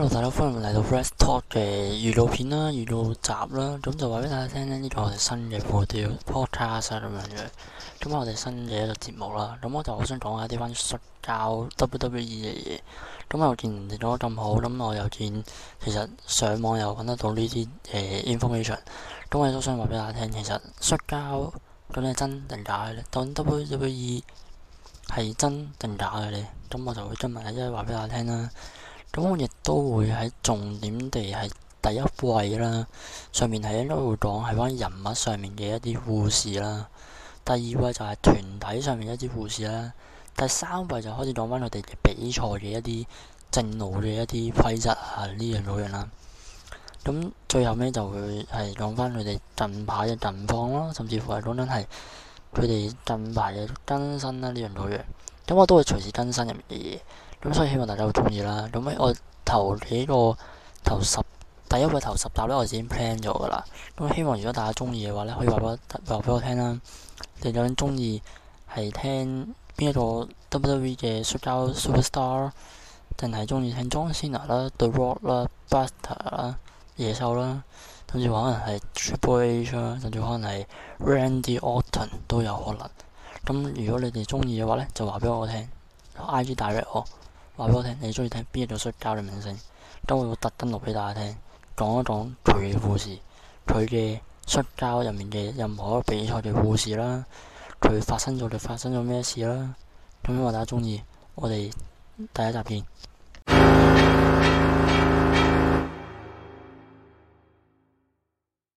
hello，大家歡迎嚟到 Wrestalk 嘅預告片啦，預告集啦，咁就話俾大家聽咧，呢個我哋新嘅 podcast 咁啊，樣咁我哋新嘅一個節目啦，咁我就好想講下啲關於摔跤 WWE 嘅嘢。咁又見人哋講得咁好，咁我又見其實上網又揾得到呢啲誒 information。咁我都想話俾大家聽，其實摔跤究竟係真定假嘅咧？WWE 係真定假嘅咧？咁我就會今日一即係話俾大家聽啦。咁我亦都會喺重點地係第一位啦，上面係應該會講係關於人物上面嘅一啲故事啦。第二位就係團體上面一啲故事啦。第三位就開始講返佢哋比賽嘅一啲正路嘅一啲規則啊，呢樣嗰樣啦。咁最後咧就會係講返佢哋近排嘅近況啦，甚至乎係講緊係佢哋近排嘅更新啦，呢樣嗰樣。咁我都會隨時更新入面嘅嘢。咁、嗯、所以希望大家會中意啦。咁、嗯、我頭幾個、頭十、第一個頭十集咧，我已經 plan 咗噶啦。咁、嗯、希望如果大家中意嘅話咧，可以話俾話俾我聽啦。你哋中意係聽邊一個 WWE 嘅 Superstar，定係中意聽 John Cena 啦、The Rock 啦、Buster 啦、野獸啦，甚至可能係 Triple H 啦，甚至可能係 Randy Orton 都有可能。咁如果你哋中意嘅話咧，就話俾我聽。IG 打嚟我話俾我聽，你中意聽邊一種摔跤嘅明星，今次我特登錄俾大家聽，講一講佢嘅故事，佢嘅摔跤入面嘅任何比賽嘅故事啦，佢發生咗就發生咗咩事啦，咁樣大家中意，我哋第一集見。